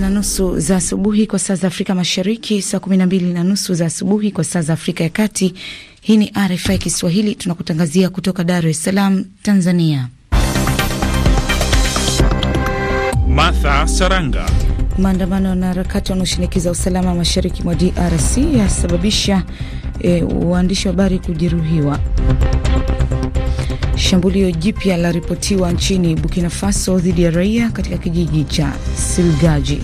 moja na nusu za asubuhi kwa saa za Afrika Mashariki, saa kumi na mbili na nusu za asubuhi kwa saa za Afrika ya Kati. Hii ni RFI Kiswahili, tunakutangazia kutoka Dar es Salaam, Tanzania. Martha Saranga. Maandamano na harakati wanaoshinikiza usalama mashariki mwa DRC yasababisha eh, waandishi wa habari kujeruhiwa. Shambulio jipya la ripotiwa nchini Burkina Faso dhidi ya raia katika kijiji cha Silgaji.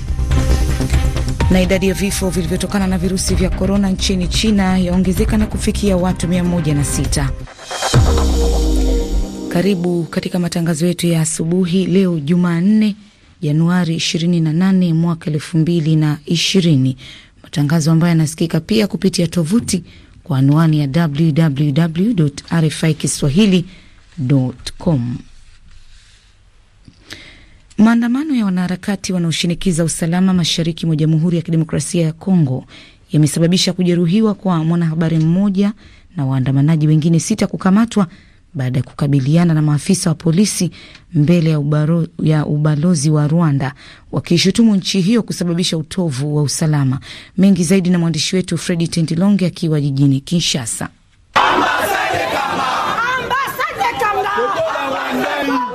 Na idadi ya vifo vilivyotokana na virusi vya korona nchini China yaongezeka na kufikia watu 106. Karibu katika matangazo yetu ya asubuhi leo Jumanne, Januari 28 mwaka 2020, matangazo ambayo yanasikika pia kupitia tovuti kwa anwani ya www RFI Kiswahili Maandamano ya wanaharakati wanaoshinikiza usalama mashariki mwa Jamhuri ya Kidemokrasia ya Kongo yamesababisha kujeruhiwa kwa mwanahabari mmoja na waandamanaji wengine sita kukamatwa baada ya kukabiliana na maafisa wa polisi mbele ya, ubaro, ya ubalozi wa Rwanda wakishutumu nchi hiyo kusababisha utovu wa usalama. Mengi zaidi na mwandishi wetu Fredi Tendilonge akiwa jijini Kinshasa.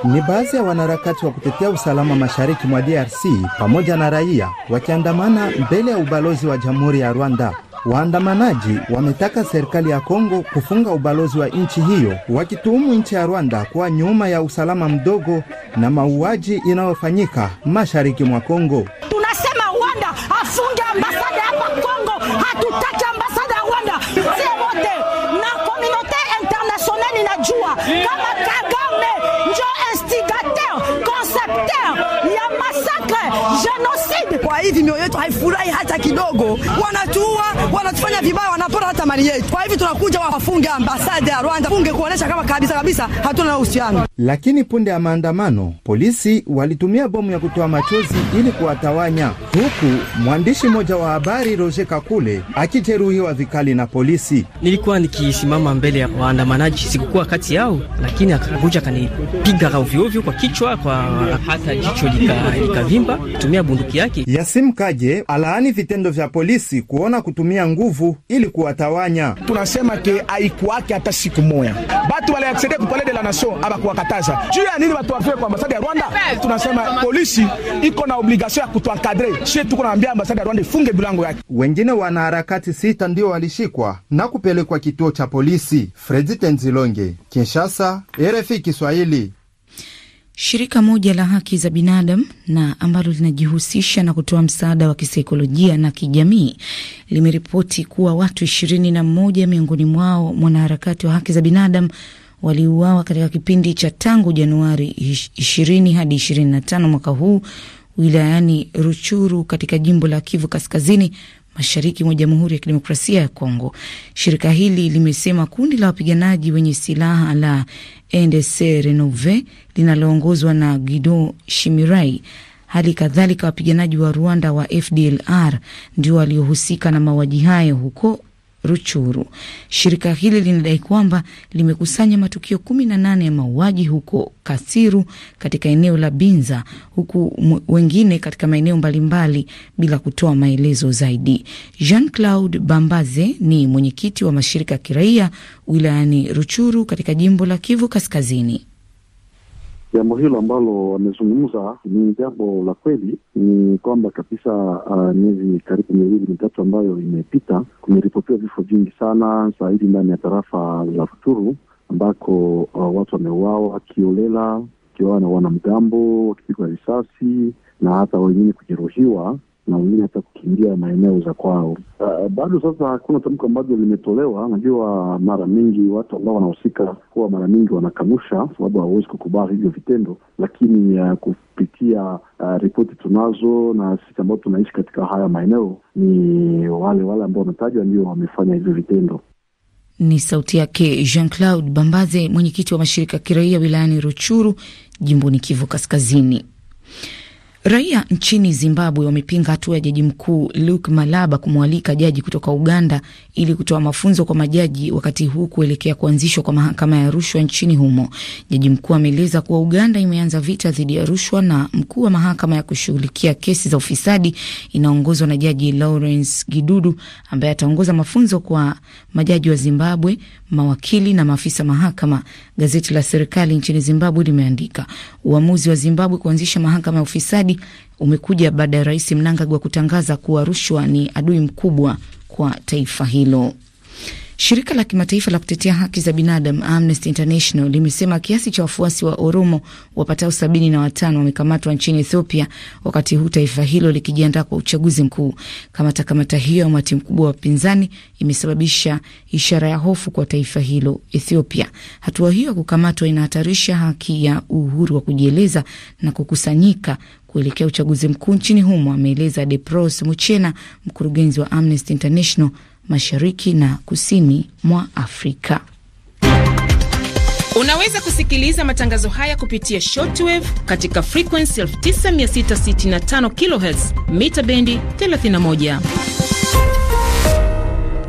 Ni baadhi ya wanaharakati wa kutetea usalama mashariki mwa DRC pamoja na raia wakiandamana mbele ya ubalozi wa Jamhuri ya Rwanda. Waandamanaji wametaka serikali ya Kongo kufunga ubalozi wa nchi hiyo, wakituhumu nchi ya Rwanda kuwa nyuma ya usalama mdogo na mauaji inayofanyika mashariki mwa Kongo. Tunasema Rwanda afunge ambasada hapa Kongo, hatutaki ambasada ya Rwanda. wote na komunote internasionali inajua kama power genocide. Kwa hivi mioyo yetu haifurahi hata kidogo, wanatuua, wanatufanya vibaya, wanapora hata mali yetu. Kwa hivi tunakuja wafunge ambasada ya Rwanda, funge kuonesha kama kabisa kabisa hatuna uhusiano. Lakini punde ya maandamano, polisi walitumia bomu ya kutoa machozi ili kuwatawanya, huku mwandishi mmoja wa habari Roger Kakule akijeruhiwa vikali na polisi. Nilikuwa nikisimama mbele ya waandamanaji, sikukuwa kati yao, lakini akakuja akanipiga ovyo ovyo kwa kichwa, kwa hata jicho likavimba lika tumia bunduki yake. Yasim Kaje alaani vitendo vya polisi kuona kutumia nguvu ili kuwatawanya. Tunasema ke haikuwake hata siku moja batu wale aksede kupale de la nation abakuwakataza juu ya nini watu wafie kwa ambasada ya Rwanda. Tunasema polisi iko na obligation ya kutuankadre, shie, tuko naambia ambasada ya Rwanda ifunge bilango yake. Wengine wanaharakati sita ndio walishikwa na kupelekwa kituo cha polisi. Fredi Tenzilonge, Kinshasa, RFI Kiswahili. Shirika moja la haki za binadamu na ambalo linajihusisha na kutoa msaada wa kisaikolojia na kijamii limeripoti kuwa watu ishirini na mmoja miongoni mwao mwanaharakati wa haki za binadamu waliuawa katika kipindi cha tangu Januari ishirini hadi ishirini na tano mwaka huu wilayani Ruchuru katika jimbo la Kivu Kaskazini mashariki mwa Jamhuri ya Kidemokrasia ya Kongo. Shirika hili limesema kundi la wapiganaji wenye silaha la NDC Renove linaloongozwa na Guido Shimirai hali kadhalika wapiganaji wa Rwanda wa FDLR ndio waliohusika na mauaji hayo huko Ruchuru. Shirika hili linadai kwamba limekusanya matukio kumi na nane ya mauaji huko Kasiru katika eneo la Binza, huku wengine katika maeneo mbalimbali bila kutoa maelezo zaidi. Jean Claude Bambaze ni mwenyekiti wa mashirika ya kiraia wilayani Ruchuru katika jimbo la Kivu Kaskazini. Jambo hilo ambalo wamezungumza ni jambo la kweli, ni kwamba kabisa uh, miezi karibu miwili mitatu ambayo imepita kumeripotiwa vifo vingi sana zaidi ndani ya tarafa la futuru ambako uh, watu wameuawa wakiolela wakiuawa na wanamgambo, wakipigwa risasi na hata wengine kujeruhiwa na wengine hata kukimbia maeneo za kwao. Uh, bado sasa hakuna tamko ambalo limetolewa. Najua mara mingi watu ambao wanahusika huwa mara mingi wanakanusha sababu hawawezi kukubali hivyo vitendo, lakini uh, kupitia uh, ripoti tunazo na sisi ambao tunaishi katika haya maeneo, ni wale wale ambao wametajwa ndio wamefanya hivyo vitendo. Ni sauti yake Jean Claude Bambaze, mwenyekiti wa mashirika ya kiraia wilayani Ruchuru, jimboni Kivu Kaskazini. Raia nchini Zimbabwe wamepinga hatua ya jaji mkuu Luke Malaba kumwalika jaji kutoka Uganda ili kutoa mafunzo kwa majaji wakati huu kuelekea kuanzishwa kwa mahakama ya rushwa nchini humo. Jaji mkuu ameeleza kuwa Uganda imeanza vita dhidi ya rushwa na mkuu wa mahakama ya kushughulikia kesi za ufisadi inaongozwa na jaji Lawrence Gidudu ambaye ataongoza mafunzo kwa majaji wa Zimbabwe mawakili na maafisa mahakama. Gazeti la serikali nchini Zimbabwe limeandika uamuzi wa Zimbabwe kuanzisha mahakama ya ufisadi umekuja baada ya rais Mnangagwa kutangaza kuwa rushwa ni adui mkubwa kwa taifa hilo. Shirika la kimataifa la kutetea haki za binadamu Amnesty International limesema kiasi cha wafuasi wa Oromo wapatao sabini na watano wamekamatwa nchini Ethiopia, wakati huu taifa hilo likijiandaa kwa uchaguzi mkuu. Kamata kamata hiyo ya umati mkubwa wa wapinzani imesababisha ishara ya hofu kwa taifa hilo Ethiopia. Hatua hiyo ya kukamatwa inahatarisha haki ya uhuru wa kujieleza na kukusanyika kuelekea uchaguzi mkuu nchini humo, ameeleza Depros Muchena, mkurugenzi wa Amnesty International mashariki na kusini mwa Afrika. Unaweza kusikiliza matangazo haya kupitia shortwave katika frequency 9665 kHz mita bendi 31.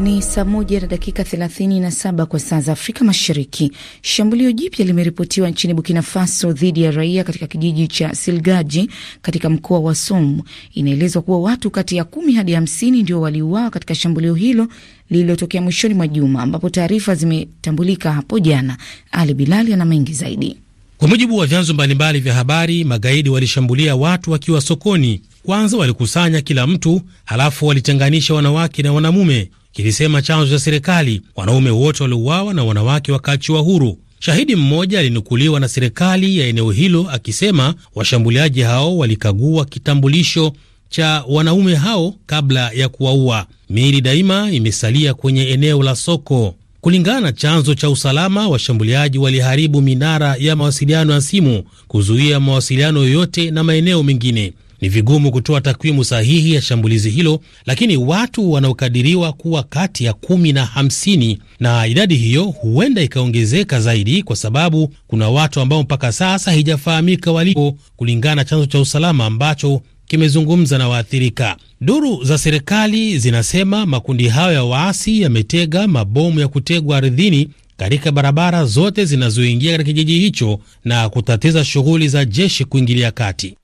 Ni saa moja na dakika 37 kwa saa za Afrika Mashariki. Shambulio jipya limeripotiwa nchini Burkina Faso dhidi ya raia katika kijiji cha Silgaji katika mkoa wa Somu. Inaelezwa kuwa watu kati ya kumi hadi hamsini ndio waliuawa katika shambulio hilo lililotokea mwishoni mwa juma, ambapo taarifa zimetambulika hapo jana. Ali Bilali ana mengi zaidi. Kwa mujibu wa vyanzo mbalimbali vya habari, magaidi walishambulia watu wakiwa sokoni. Kwanza walikusanya kila mtu, halafu walitenganisha wanawake na wanamume kilisema chanzo cha serikali, wanaume wote waliuawa na wanawake wakaachiwa huru. Shahidi mmoja alinukuliwa na serikali ya eneo hilo akisema washambuliaji hao walikagua kitambulisho cha wanaume hao kabla ya kuwaua. Miili daima imesalia kwenye eneo la soko. Kulingana na chanzo cha usalama, washambuliaji waliharibu minara ya mawasiliano ya simu, kuzuia mawasiliano yoyote na maeneo mengine. Ni vigumu kutoa takwimu sahihi ya shambulizi hilo, lakini watu wanaokadiriwa kuwa kati ya kumi na hamsini, na idadi hiyo huenda ikaongezeka zaidi, kwa sababu kuna watu ambao mpaka sasa haijafahamika walipo, kulingana na chanzo cha usalama ambacho kimezungumza na waathirika. Duru za serikali zinasema makundi hayo ya waasi yametega mabomu ya kutegwa ardhini katika barabara zote zinazoingia katika kijiji hicho na kutatiza shughuli za jeshi kuingilia kati.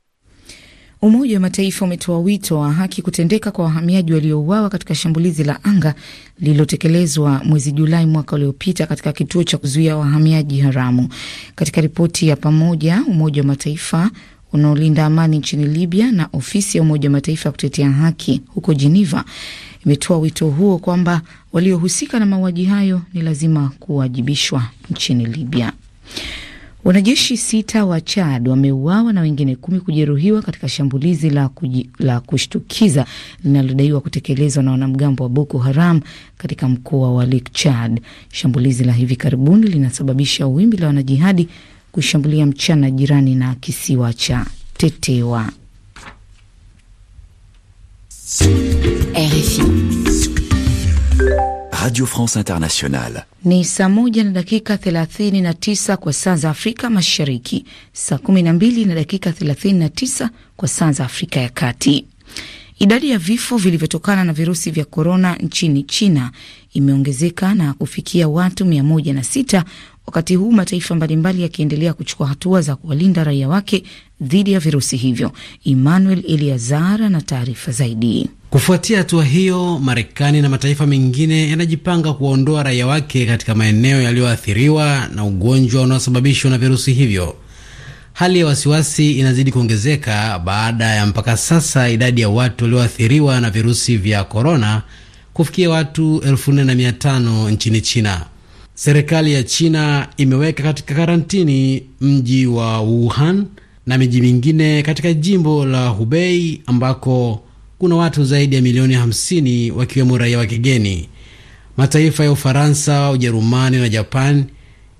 Umoja wa Mataifa umetoa wito wa haki kutendeka kwa wahamiaji waliouawa katika shambulizi la anga lililotekelezwa mwezi Julai mwaka uliopita katika kituo cha kuzuia wahamiaji haramu. Katika ripoti ya pamoja, Umoja wa Mataifa unaolinda amani nchini Libya na ofisi ya Umoja wa Mataifa ya kutetea haki huko Geneva imetoa wito huo kwamba waliohusika na mauaji hayo ni lazima kuwajibishwa nchini Libya. Wanajeshi sita wa Chad wameuawa na wengine kumi kujeruhiwa katika shambulizi la, kuji, la kushtukiza linalodaiwa kutekelezwa na wanamgambo wa Boko Haram katika mkoa wa Lake Chad. Shambulizi la hivi karibuni linasababisha wimbi la wanajihadi kushambulia mchana jirani na kisiwa cha Tetewa. RFI. Radio France Internationale. Ni saa moja na dakika 39 kwa saa za Afrika Mashariki, saa 12 na dakika 39 kwa saa za Afrika ya Kati. Idadi ya vifo vilivyotokana na virusi vya korona nchini China imeongezeka na kufikia watu 106 wakati huu mataifa mbalimbali yakiendelea kuchukua hatua za kuwalinda raia wake dhidi ya virusi hivyo. Emmanuel Eliazar na taarifa zaidi. Kufuatia hatua hiyo, Marekani na mataifa mengine yanajipanga kuwaondoa raia wake katika maeneo yaliyoathiriwa na ugonjwa unaosababishwa na virusi hivyo. Hali ya wasiwasi inazidi kuongezeka baada ya mpaka sasa idadi ya watu walioathiriwa na virusi vya korona kufikia watu 4500 nchini China. Serikali ya China imeweka katika karantini mji wa Wuhan na miji mingine katika jimbo la Hubei ambako kuna watu zaidi ya milioni 50 wakiwemo raia wa kigeni. Mataifa ya Ufaransa, Ujerumani na Japan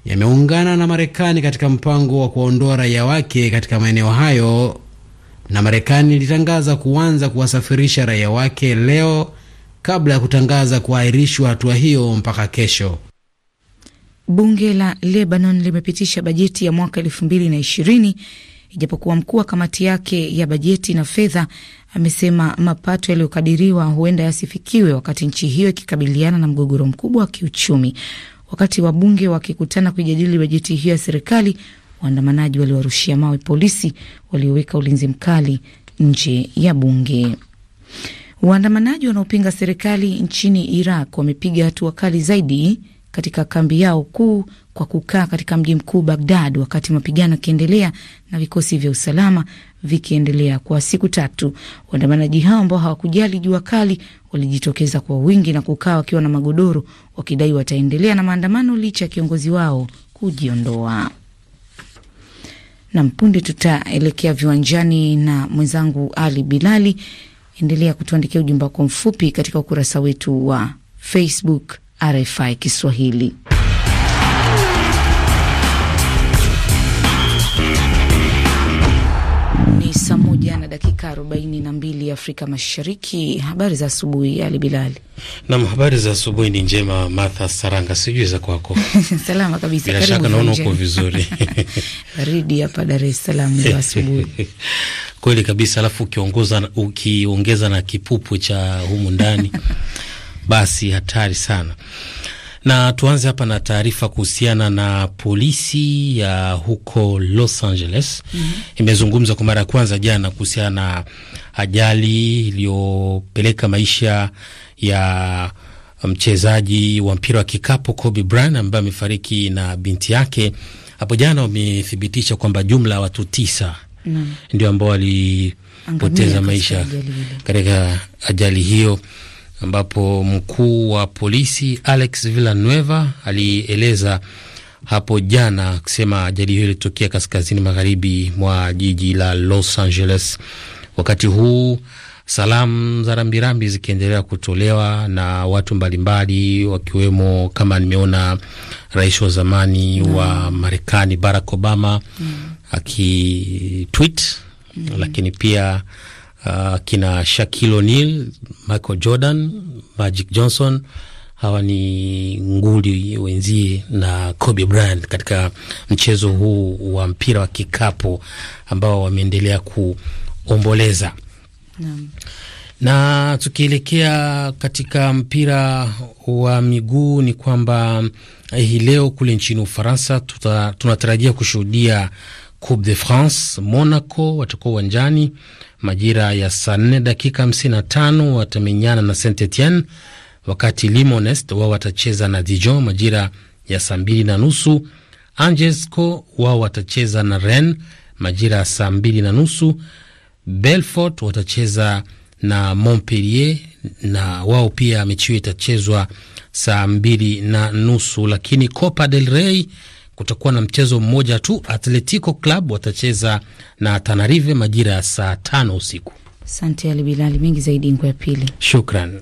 yameungana na Marekani katika mpango wa kuwaondoa raia wake katika maeneo hayo, na Marekani ilitangaza kuanza kuwasafirisha raia wake leo kabla ya kutangaza kuahirishwa hatua hiyo mpaka kesho. Bunge la Lebanon limepitisha bajeti ya mwaka elfu mbili na ishirini ijapokuwa mkuu wa kamati yake ya bajeti na fedha amesema mapato yaliyokadiriwa huenda yasifikiwe wakati nchi hiyo ikikabiliana na mgogoro mkubwa wa kiuchumi. Wakati wabunge wakikutana kuijadili bajeti hiyo ya serikali, waandamanaji waliwarushia mawe polisi walioweka ulinzi mkali nje ya bunge. Waandamanaji wanaopinga serikali nchini Iraq wamepiga hatua kali zaidi katika kambi yao kuu kwa kukaa katika mji mkuu Bagdad, wakati mapigano yakiendelea na vikosi vya usalama vikiendelea kwa siku tatu. Waandamanaji hao ambao hawakujali jua kali walijitokeza kwa wingi na kukaa wakiwa na magodoro wakidai wataendelea na maandamano licha ya kiongozi wao kujiondoa. Na mpunde tutaelekea viwanjani na mwenzangu Ali Bilali. Endelea kutuandikia ujumbe wako mfupi katika ukurasa wetu wa Facebook RFI Kiswahili. saa moja na dakika arobaini na mbili Afrika Mashariki. Habari za asubuhi, Ali Bilali. Nam, habari za asubuhi ni njema, Martha Saranga, sijui za kwako? Salama kabisa, bila shaka naona uko vizuri. Baridi hapa Dar es Salaam leo asubuhi kweli kabisa, alafu ukiongeza na kipupu cha humu ndani basi hatari sana. Na tuanze hapa na taarifa kuhusiana na polisi ya huko Los Angeles mm -hmm. imezungumza kwa mara ya kwanza jana kuhusiana na ajali iliyopeleka maisha ya mchezaji wa mpira wa kikapu Kobe Bryant ambaye amefariki na binti yake. Hapo jana wamethibitisha kwamba jumla ya watu tisa mm. ndio ambao walipoteza maisha katika ajali hiyo ambapo mkuu wa polisi Alex Villanueva alieleza hapo jana akisema ajali hiyo ilitokea kaskazini magharibi mwa jiji la Los Angeles. Wakati huu salamu za rambirambi zikiendelea kutolewa na watu mbalimbali, wakiwemo kama nimeona rais wa zamani mm. wa Marekani Barack Obama mm. akitweet mm. lakini pia uh, kina Shaquille O'Neal, Michael Jordan, Magic Johnson hawa ni nguli wenzie na Kobe Bryant katika mchezo huu wa mpira wa kikapu ambao wameendelea kuomboleza Na tukielekea katika mpira wa miguu ni kwamba eh, hii leo kule nchini Ufaransa tunatarajia kushuhudia Coupe de France. Monaco watakuwa uwanjani majira ya saa nne dakika 55 watamenyana na Saint Etienne, wakati Limonest wao watacheza na Dijon majira ya saa mbili na nusu. Angesco wao watacheza na ren majira ya saa mbili na nusu. Belfort watacheza na Montpellier na wao pia mechi hiyo itachezwa saa mbili na nusu. Lakini Copa del Rey kutakuwa na mchezo mmoja tu. Atletico Club watacheza na Tanarive majira ya saa tano usiku. Asante Ali Bilali, mengi zaidi ngo ya pili. Shukran.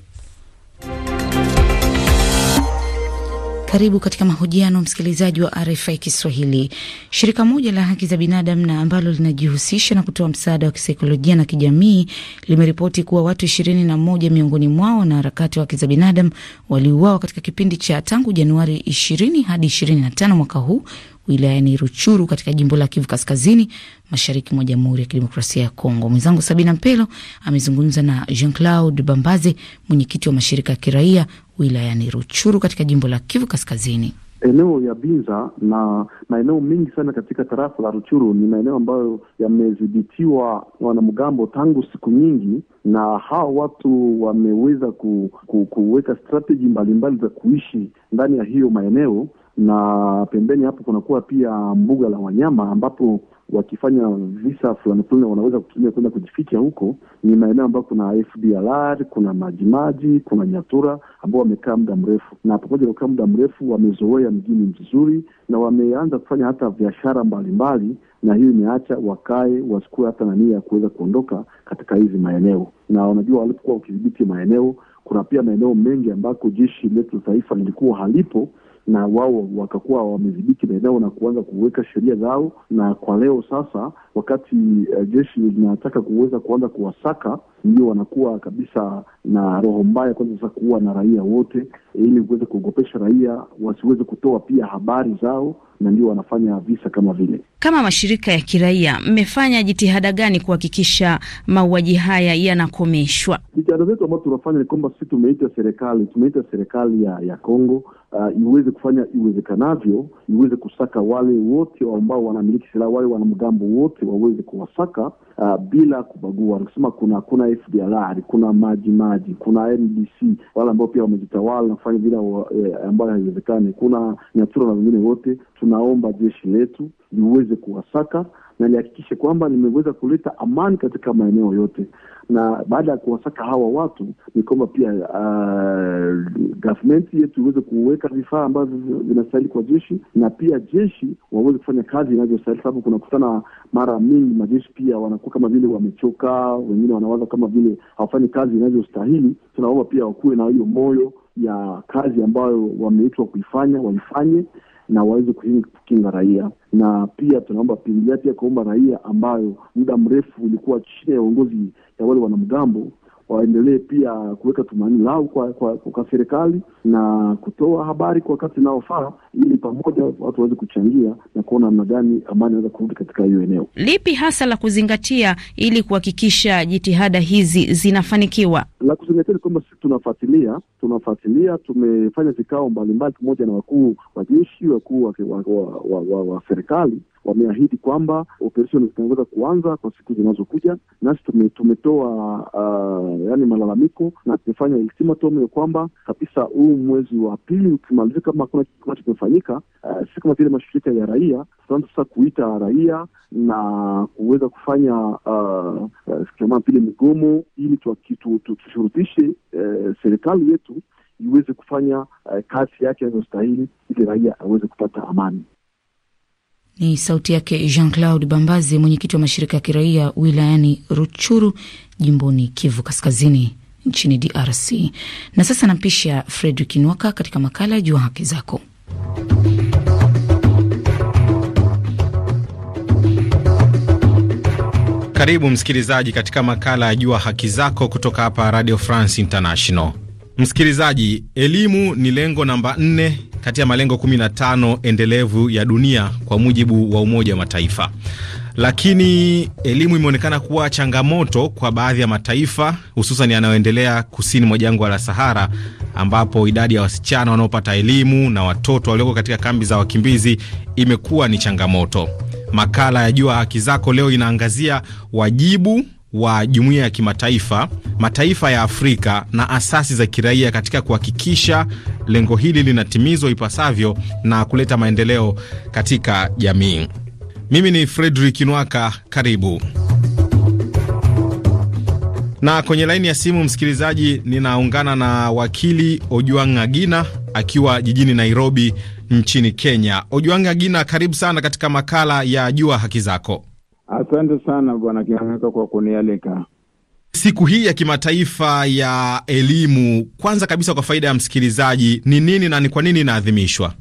Karibu katika mahojiano, msikilizaji wa RFI Kiswahili. Shirika moja la haki za binadamu na ambalo linajihusisha na kutoa msaada wa kisaikolojia na kijamii limeripoti kuwa watu ishirini na moja miongoni mwao harakati wa haki za binadamu waliuawa katika kipindi cha tangu Januari 20 hadi 25 mwaka huu wilayani Ruchuru katika jimbo la Kivu Kaskazini, mashariki mwa Jamhuri ya Kidemokrasia ya Kongo. Mwenzangu Sabina Mpelo amezungumza na Jean Claude Bambaze, mwenyekiti wa mashirika ya kiraia wilayani Ruchuru katika jimbo la Kivu Kaskazini. Eneo ya Binza na maeneo mengi sana katika tarafa la Ruchuru ni maeneo ambayo yamedhibitiwa wanamgambo tangu siku nyingi, na hawa watu wameweza ku, ku, kuweka strateji mbalimbali za kuishi ndani ya hiyo maeneo, na pembeni hapo kunakuwa pia mbuga la wanyama ambapo wakifanya visa fulani fulani wanaweza kutumia kwenda kujificha huko. Ni maeneo ambayo kuna FDLR, kuna Majimaji, kuna Nyatura ambao wamekaa muda mrefu, na pamoja na kukaa muda mrefu wamezoea mjini vizuri, na wameanza kufanya hata biashara mbalimbali, na hiyo imeacha wakae wasikue hata na nia ya kuweza kuondoka katika hizi maeneo. Na wanajua walipokuwa wakidhibiti maeneo, kuna pia maeneo mengi ambako jeshi letu taifa lilikuwa halipo na wao wakakuwa wamedhibiti maeneo na kuanza kuweka sheria zao. Na kwa leo sasa, wakati uh, jeshi linataka kuweza kuanza kuwasaka, ndio wanakuwa kabisa na roho mbaya kwanza sasa kuwa na raia wote, ili kuweza kuogopesha raia wasiweze kutoa pia habari zao, na ndio wanafanya visa kama vile kama mashirika ya kiraia, mmefanya jitihada gani kuhakikisha mauaji haya yanakomeshwa? Jitihada zetu ambazo tunafanya ni kwamba sisi tumeita serikali, tumeita serikali ya, ya Kongo Uh, iweze kufanya iwezekanavyo, iweze kusaka wale wote ambao wanamiliki silaha, wale wanamgambo wote waweze kuwasaka uh, bila kubagua. Nikisema kuna kuna FDLR, kuna maji maji, kuna NDC wale ambao pia wamejitawala na kufanya vile eh, ambayo haiwezekani, kuna Nyatura na wengine wote, tunaomba jeshi letu liweze niweze kuwasaka na nihakikishe kwamba nimeweza kuleta amani katika maeneo yote, na baada ya kuwasaka hawa watu ni kwamba pia uh, gavmenti yetu iweze kuweka vifaa ambavyo vinastahili kwa jeshi, na pia jeshi waweze kufanya kazi inavyostahili, sababu kunakutana mara mingi majeshi pia wanakuwa kama vile wamechoka, wengine wanawaza kama vile hawafanyi kazi inavyostahili. Tunaomba pia wakuwe na hiyo moyo ya kazi ambayo wameitwa kuifanya waifanye, na waweze kukinga raia, na pia tunaomba pingilia pia kuomba raia ambayo muda mrefu ulikuwa chini ya uongozi ya wale wanamgambo waendelee pia kuweka tumaini lao kwa, kwa, kwa serikali na kutoa habari kwa wakati unaofaa ili pamoja watu waweze kuchangia na kuona namna gani amani inaweza kurudi katika hiyo eneo. Lipi hasa la kuzingatia ili kuhakikisha jitihada hizi zinafanikiwa? La kuzingatia ni kwamba sisi tunafuatilia, tunafuatilia, tumefanya vikao mbalimbali pamoja na wakuu wa jeshi, wakuu wa, wa, wa, wa, wa serikali wameahidi kwamba operesheni zitaweza kuanza kwa siku zinazokuja. Nasi tume, tumetoa uh, yani malalamiko na tumefanya ultimatum ya kwamba kabisa huu mwezi wa pili ukimalizika, kama hakuna kufanyika uh, si kama vile mashirika ya raia. Tunaanza sasa kuita raia na kuweza kufanya uh, uh, vile migomo ili tushurutishe uh, serikali yetu iweze kufanya uh, kazi yake anayostahili ili raia aweze kupata amani. Ni sauti yake Jean Claude Bambazi, mwenyekiti wa mashirika ya kiraia wilayani Ruchuru, jimboni Kivu Kaskazini, nchini DRC. Na sasa nampisha Fredrik Nwaka katika makala Jua Haki Zako. Karibu msikilizaji katika makala ya Jua Haki Zako kutoka hapa Radio France International. Msikilizaji, elimu ni lengo namba 4 kati ya malengo 15 endelevu ya dunia kwa mujibu wa Umoja wa Mataifa, lakini elimu imeonekana kuwa changamoto kwa baadhi ya mataifa hususan yanayoendelea kusini mwa jangwa la Sahara ambapo idadi ya wasichana wanaopata elimu na watoto walioko katika kambi za wakimbizi imekuwa ni changamoto. Makala ya Jua Haki Zako leo inaangazia wajibu wa jumuiya ya kimataifa, mataifa ya Afrika na asasi za kiraia katika kuhakikisha lengo hili linatimizwa ipasavyo na kuleta maendeleo katika jamii. Mimi ni Fredrick Nwaka, karibu. Na kwenye laini ya simu, msikilizaji, ninaungana na wakili Ojuang Agina akiwa jijini Nairobi nchini Kenya. Ojuang Agina, karibu sana katika makala ya Jua Haki Zako. Asante sana Bwana Kinameka kwa kunialika. Siku hii ya kimataifa ya elimu, kwanza kabisa, kwa faida ya msikilizaji, ni nini na ni kwa nini inaadhimishwa?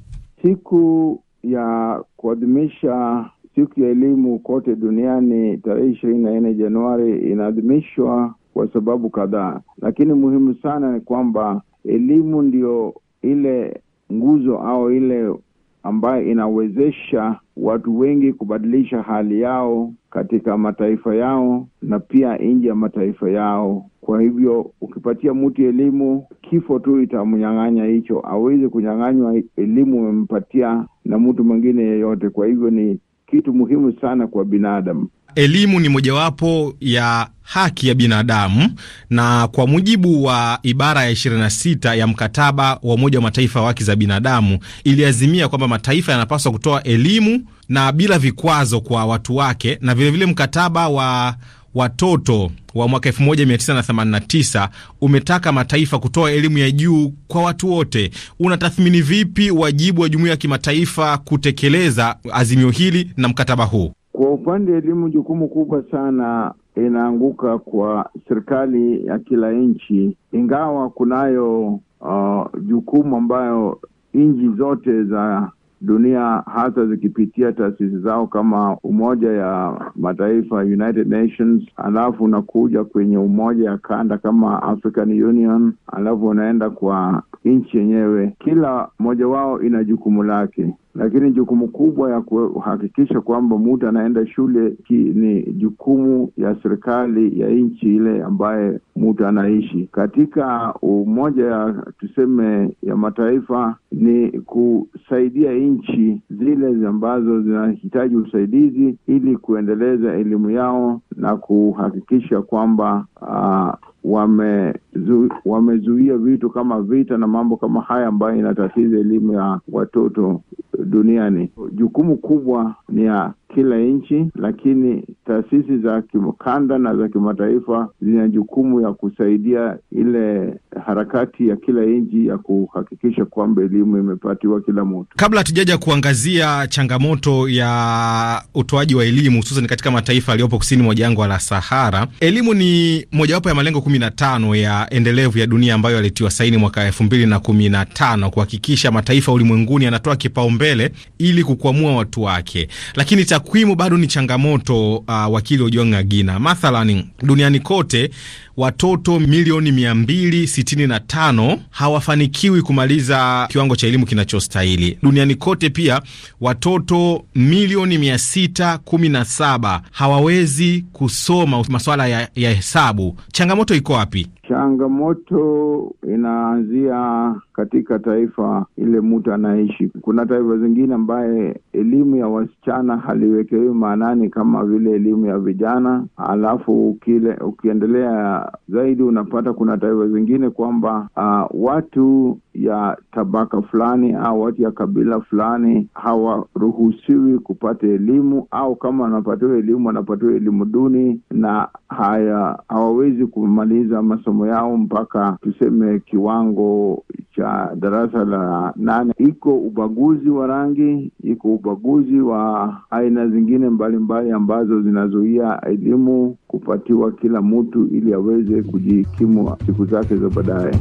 Siku ya kuadhimisha siku ya elimu kote duniani tarehe ishirini na nne Januari inaadhimishwa kwa sababu kadhaa, lakini muhimu sana ni kwamba elimu ndio ile nguzo au ile ambayo inawezesha watu wengi kubadilisha hali yao katika mataifa yao na pia nje ya mataifa yao. Kwa hivyo ukipatia mtu elimu, kifo tu itamnyang'anya hicho, awezi kunyang'anywa elimu umempatia na mtu mwingine yeyote. Kwa hivyo ni kitu muhimu sana kwa binadamu elimu ni mojawapo ya haki ya binadamu na kwa mujibu wa ibara ya 26 ya mkataba wa Umoja wa Mataifa wa haki za binadamu iliazimia kwamba mataifa yanapaswa kutoa elimu na bila vikwazo kwa watu wake, na vilevile vile mkataba wa watoto wa mwaka 1989 umetaka mataifa kutoa elimu ya juu kwa watu wote. Unatathmini vipi wajibu wa jumuiya ya kimataifa kutekeleza azimio hili na mkataba huu? Kwa upande wa elimu, jukumu kubwa sana inaanguka kwa serikali ya kila nchi, ingawa kunayo uh, jukumu ambayo nchi zote za dunia hasa zikipitia taasisi zao kama Umoja ya Mataifa, United Nations, alafu unakuja kwenye umoja ya kanda kama African Union, alafu unaenda kwa nchi yenyewe. Kila mmoja wao ina jukumu lake lakini jukumu kubwa ya kuhakikisha kwamba mtu anaenda shule ki, ni jukumu ya serikali ya nchi ile ambaye mtu anaishi katika. Umoja ya tuseme ya Mataifa ni kusaidia nchi zile ambazo zinahitaji usaidizi ili kuendeleza elimu yao na kuhakikisha kwamba uh, wamezuia wamezuia vitu kama vita na mambo kama haya ambayo inatatiza elimu ya watoto duniani. Jukumu kubwa ni ya kila nchi, lakini taasisi za kikanda na za kimataifa zina jukumu ya kusaidia ile harakati ya kila nchi ya kuhakikisha kwamba elimu imepatiwa kila mtu. Kabla hatujaja kuangazia changamoto ya utoaji wa elimu hususan katika mataifa yaliyopo kusini mwa jangwa la Sahara, elimu ni mojawapo ya malengo kumi na tano ya endelevu ya dunia ambayo yalitiwa saini mwaka elfu mbili na kumi na tano kuhakikisha mataifa ulimwenguni yanatoa kipaumbele kipaumbele ili kukwamua watu wake, lakini takwimu bado ni changamoto. Uh, wakili Ojwang Agina, mathalan duniani kote watoto milioni mia mbili sitini na tano hawafanikiwi kumaliza kiwango cha elimu kinachostahili duniani kote. Pia watoto milioni mia sita kumi na saba hawawezi kusoma masuala ya, ya hesabu. Changamoto iko wapi? changamoto inaanzia katika taifa ile mtu anaishi. Kuna taifa zingine ambaye elimu ya wasichana haliwekewi maanani kama vile elimu ya vijana, alafu kile ukiendelea zaidi unapata kuna taifa zingine kwamba uh, watu ya tabaka fulani au watu ya kabila fulani hawaruhusiwi kupata elimu, au kama wanapatiwa elimu wanapatiwa elimu duni na haya hawawezi kumaliza masomo masomo yao mpaka tuseme kiwango cha darasa la nane. Iko ubaguzi wa rangi, iko ubaguzi wa aina zingine mbalimbali mbali ambazo zinazuia elimu kupatiwa kila mtu ili aweze kujikimu siku zake za baadaye.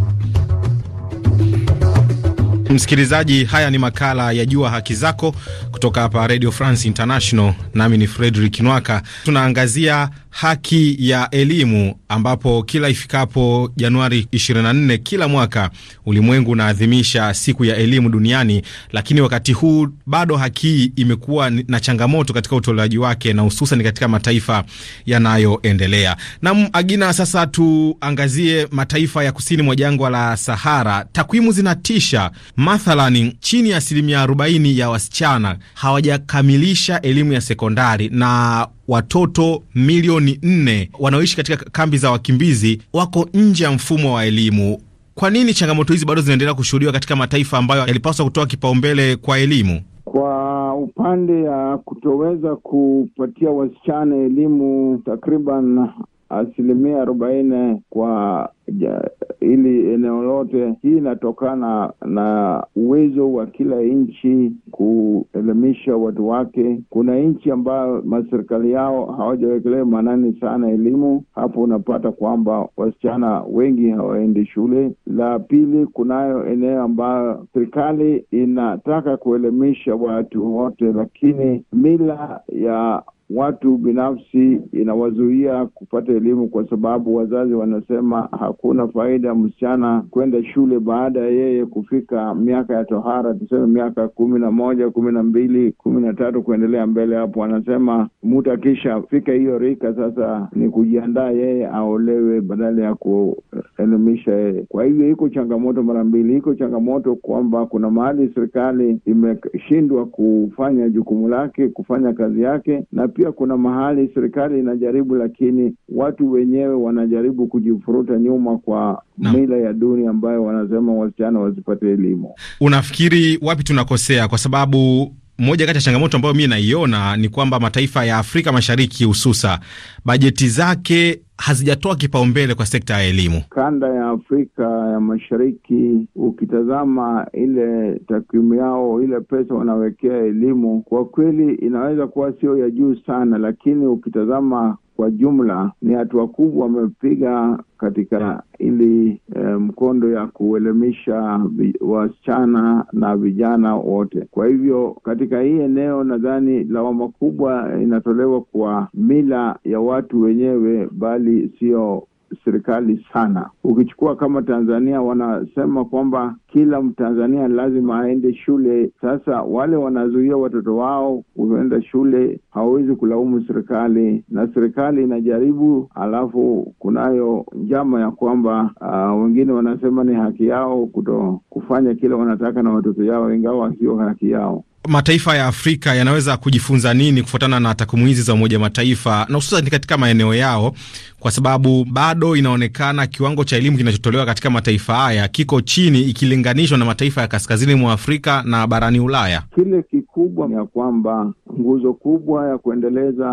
Msikilizaji, haya ni makala ya Jua Haki Zako kutoka hapa Radio France International, nami ni Fredrick Nwaka. Tunaangazia haki ya elimu, ambapo kila ifikapo Januari 24 kila mwaka ulimwengu unaadhimisha siku ya elimu duniani. Lakini wakati huu bado haki hii imekuwa na changamoto katika utolewaji wake na hususan katika mataifa yanayoendelea. Nam Agina, sasa tuangazie mataifa ya kusini mwa jangwa la Sahara. Takwimu zinatisha, mathalani chini ya asilimia 40 ya wasichana hawajakamilisha elimu ya sekondari na watoto milioni nne wanaoishi katika kambi za wakimbizi wako nje ya mfumo wa elimu. Kwa nini changamoto hizi bado zinaendelea kushuhudiwa katika mataifa ambayo yalipaswa kutoa kipaumbele kwa elimu? Kwa upande ya kutoweza kupatia wasichana elimu takriban asilimia arobaini kwa ja, ili eneo lote. Hii inatokana na uwezo wa kila nchi kuelimisha watu wake. Kuna nchi ambayo maserikali yao hawajawekelea maanani sana elimu, hapo unapata kwamba wasichana wengi hawaendi shule. La pili, kunayo eneo ambayo serikali inataka kuelimisha watu wote, lakini mila ya watu binafsi inawazuia kupata elimu, kwa sababu wazazi wanasema hakuna faida msichana kwenda shule baada ya yeye kufika miaka ya tohara, tuseme miaka kumi na moja, kumi na mbili, kumi na tatu kuendelea mbele. Hapo wanasema mtu akisha fika hiyo rika, sasa ni kujiandaa yeye aolewe badala ya kuelimisha yeye. Kwa hivyo iko changamoto mara mbili, iko changamoto kwamba kuna mahali serikali imeshindwa kufanya jukumu lake, kufanya kazi yake na pia kuna mahali serikali inajaribu, lakini watu wenyewe wanajaribu kujifuruta nyuma kwa mila ya duni ambayo wanasema wasichana wasipate elimu. Unafikiri wapi tunakosea? Kwa sababu moja kati ya changamoto ambayo mi naiona ni kwamba mataifa ya Afrika Mashariki hususa bajeti zake hazijatoa kipaumbele kwa sekta ya elimu. Kanda ya Afrika ya Mashariki, ukitazama ile takwimu yao, ile pesa wanawekea elimu, kwa kweli inaweza kuwa sio ya juu sana, lakini ukitazama kwa jumla ni hatua kubwa wamepiga katika ili e, mkondo ya kuelemisha wasichana na vijana wote. Kwa hivyo katika hii eneo nadhani lawama kubwa inatolewa kwa mila ya watu wenyewe, bali sio serikali sana. Ukichukua kama Tanzania, wanasema kwamba kila Mtanzania lazima aende shule. Sasa wale wanazuia watoto wao kuenda shule hawawezi kulaumu serikali, na serikali inajaribu. Alafu kunayo njama ya kwamba uh, wengine wanasema ni haki yao kuto kufanya kile wanataka na watoto yao, ingawa hiyo haki yao mataifa ya Afrika yanaweza kujifunza nini kufuatana na takwimu hizi za Umoja Mataifa na hususan katika maeneo yao, kwa sababu bado inaonekana kiwango cha elimu kinachotolewa katika mataifa haya kiko chini ikilinganishwa na mataifa ya kaskazini mwa Afrika na barani Ulaya. Kile kikubwa ya kwamba nguzo kubwa ya kuendeleza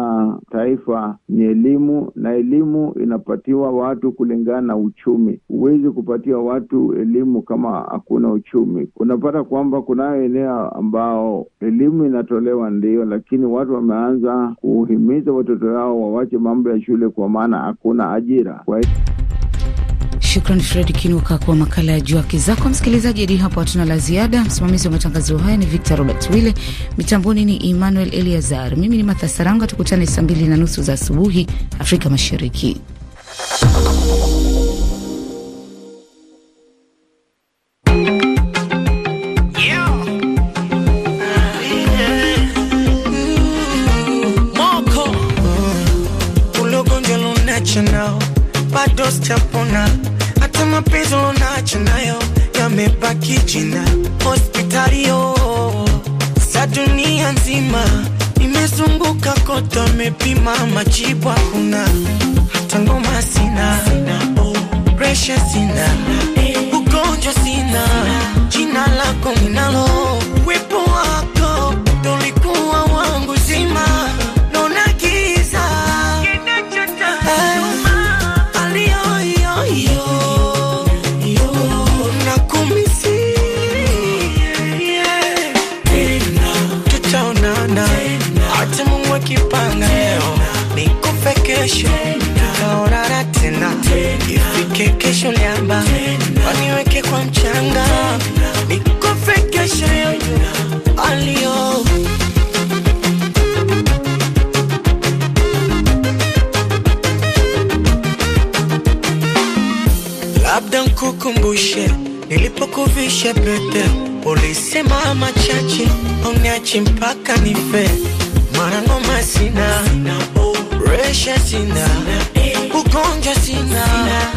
taifa ni elimu, na elimu inapatiwa watu kulingana na uchumi. Huwezi kupatia watu elimu kama hakuna uchumi. Unapata kwamba kunayo eneo ambao Elimu inatolewa ndio, lakini watu wameanza kuhimiza watoto wao wawache mambo ya shule, kwa maana hakuna ajira kwa... Shukran Fred Kinuka kwa makala ya jua haki zako. Msikilizaji, hadi hapo hatuna la ziada. Msimamizi wa matangazo haya ni Victor Robert Wille, mitamboni ni Emmanuel Eliazar, mimi ni Matha Saranga. Tukutane saa mbili na nusu za asubuhi Afrika Mashariki. jina hospitali oh, sa dunia nzima imezunguka koto amepima majibu hakuna, hata ngoma sina, presha sina, ugonjwa sina, jina lako ninalo niache pete, ulisema machache uniache mpaka nife, mara ngoma sina, uresha oh, sina, ugonjwa sina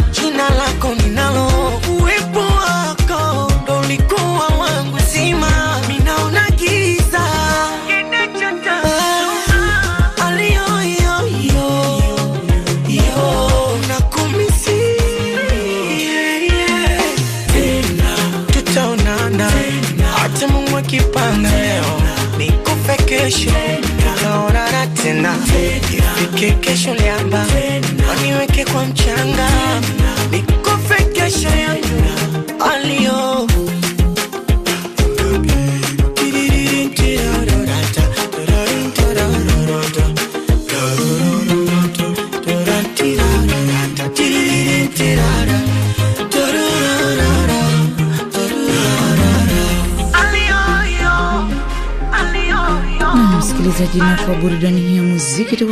Kesho liamba waniweke kwa mchanga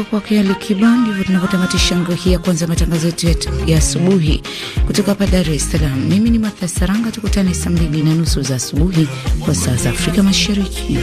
kwake Ali Kiba. Ndivyo tunavyotamatisha ngoo hii ya kwanza matangazo yetu ya asubuhi kutoka hapa Dar es Salaam. Mimi ni Martha Saranga, tukutane saa mbili na nusu za asubuhi kwa saa za Afrika Mashariki.